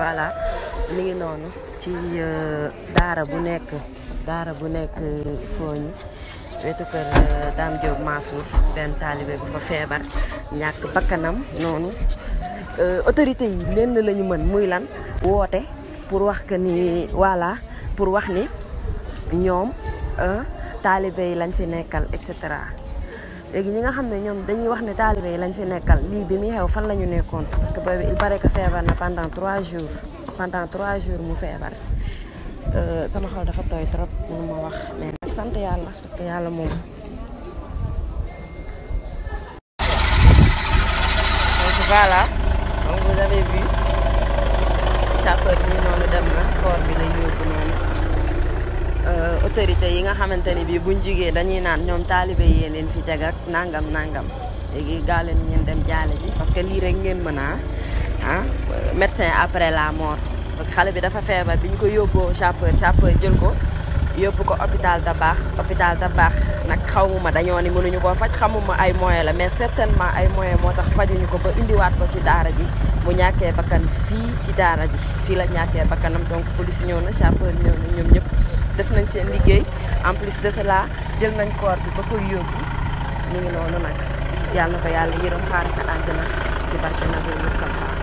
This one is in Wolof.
voilà mi ngi noonu ci euh, daara bu nekk daara bu nekk euh, fooñi wetu kër euh, Dame Diop Mansour benn taalibe bu fa feebar ñàkk bakkanam noonu autorité yi lenn lañu mën muy lan woote pour wax que ni voilà pour wax ni ñoom taalibe yi lañ fi nekkal et cetera léegi ñi nga xam ne ñoom dañuy wax ne taalibe yi lañ fi nekkal lii bi muy xew fan la ñu nekkoon parce que boobu il paraît que feebar na pendant trois jours pendant trois jours mu feebar euh, sama xaw dafa tooy trop mënu ma wax mais nag sant yàlla parce que yàlla moom donc voilà donc vous avez vu chauffeur bi noonu dem na corps bi la yóbbu noonu autorité yi nga xamante ni bii buñ jugee dañuy naan ñoom taalibe yee leen fi teg ak nangam nangam léegi gaa leen ngeen dem jaale ji parce que lii rek ngeen mën a ah médecin après la mort parce que xale bi dafa feebar bi ñu ko yóbboo sapeur sapeur jël ko yóbbu ko hôpital Dabakh hôpital baax nag xaw mu ma dañoo ni mënuñu ko faj xamuma ay moyen la mais certainement ay moyen moo tax fajuñu ko ba indiwaat ko ci daara ji mu ñàkkee bakkan fii ci daara ji fii la ñàkkee bakkanam donc police ñëw na sapeur ñëw ñëpp def nañ seen liggéey en plus de cela jël nañ koor bi ba koy yóbbu ñu ngi noonu nag yàlla na ko yàlla yërëm xaaral ko àjjana ci barke nabi